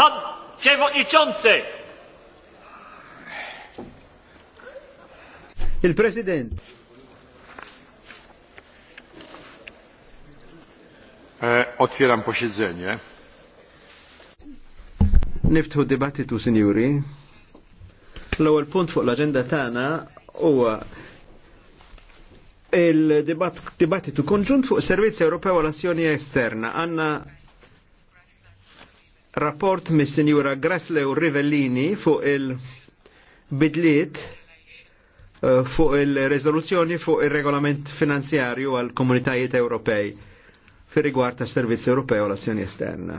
Pan Przewodniczący! Il-President. E, otwieram posiedzenie. Niftħu dibattitu, sinjuri. L-ewwel punt fuq l-aġenda tagħna huwa il-dibattitu konġunt fuq Servizz Ewropew għal Azzjoni Esterna. Għandna rapport mis sinjura Grasle u Rivellini fuq il-bidliet eh, fuq il-rezoluzzjoni fuq il-regolament finanzjarju għal komunitajiet Ewropej fir rigward ta' servizz u l azzjoni esterna.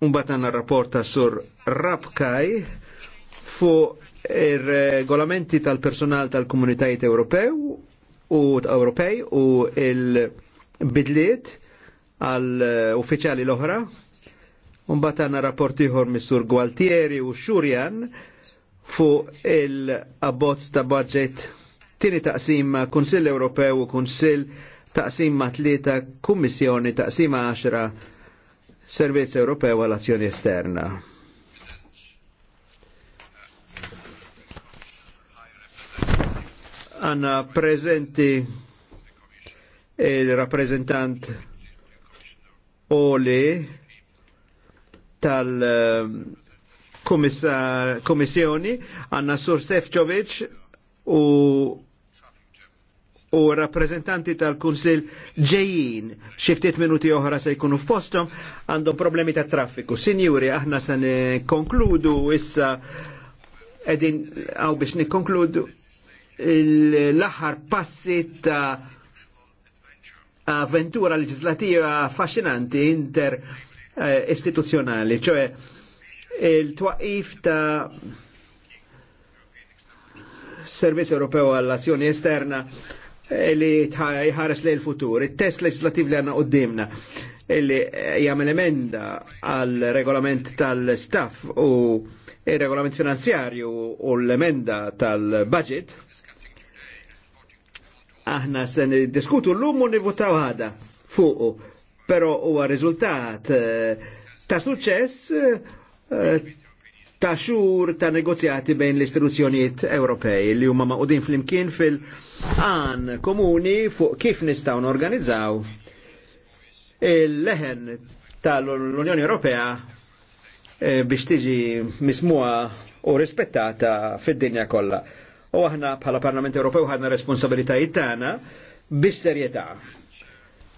Unbat għanna rapport ta' sur Rabkaj fuq il-regolamenti tal-personal tal-komunitajiet Ewropej u il-bidliet għal eh, uffiċjali l-oħra. Mbagħad għandna rapport ieħor mis-Sur Gualtieri u Xurjan fuq il-abbozz ta' budget tieni taqsim ma' Kunsill Ewropew u Kunsill taqsim ma' tlieta Kummissjoni taqsim ma' għaxra Servizz Ewropew għal azzjoni esterna. Għanna prezenti il-rappresentant oli tal-Komissjoni ehm, għanna Sur Sefcovic u u rappresentanti tal-Kunsil ġejjin xiftit minuti oħra se jkunu f'postom għandhom problemi ta' traffiku. Sinjuri, aħna se nkonkludu issa edin għaw biex nikonkludu l-aħħar passi ta' avventura legislativa affascinanti inter eh, istituzjonali, cioè il-twaqif ta' Servizio Europeo għall-Azzjoni Esterna eh, li jħares li l-futur. Il-test legislativ li għanna qoddimna eh, li eh, jgħamil emenda għal regolament tal-staff u il-regolament finanzjarju u l-emenda tal-budget aħna se diskutu l-lum u nivutaw ħada fuqu. Pero huwa riżultat eh, ta' suċċess eh, ta' xur ta' negozjati bejn l-istituzzjonijiet Ewropej li huma maqudin flimkien fil-għan komuni fuq kif nistgħu norganizzaw il-leħen tal-Unjoni Ewropea eh, biex tiġi mismuha u rispettata fid-dinja kollha u aħna bħala Parlament Ewropew ħadna responsabilitajiet tagħna bis-serjetà,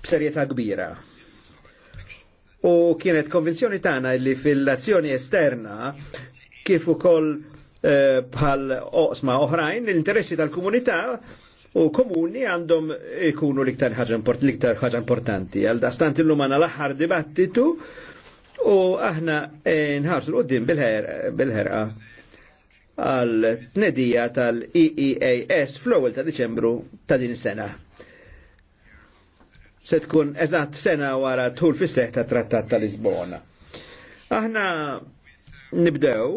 b'serjetà kbira. U kienet konvinzjoni tagħna li fil-azzjoni esterna kif ukoll eh, bħal oqsma oħrajn l-interessi tal-komunità u komuni għandhom ikunu liktar ħaġa liktar ħaġa importanti. Għal dastant illum għana l dibattitu u aħna eh, nħarsu l-qoddim bil-ħerqa għal tnedija tal-EEAS fl-ewwel ta' Diċembru ta' din is-sena. Se tkun eżatt sena wara tħul fis seħħ ta' Trattat ta' Lisbona. Aħna nibdew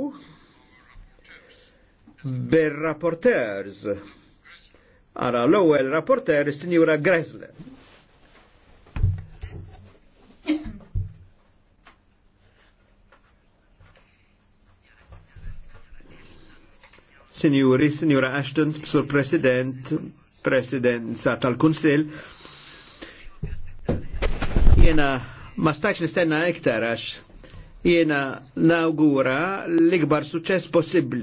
bir-rapporteurs. Ara l-ewwel rapporter is-Sinjura Gressler. Sinjuri, Signora Ashton, Sir President, Presidenza tal-Kunsil. Jena ma stax nistenna iktar għax jena nawgura l-ikbar suċess possibli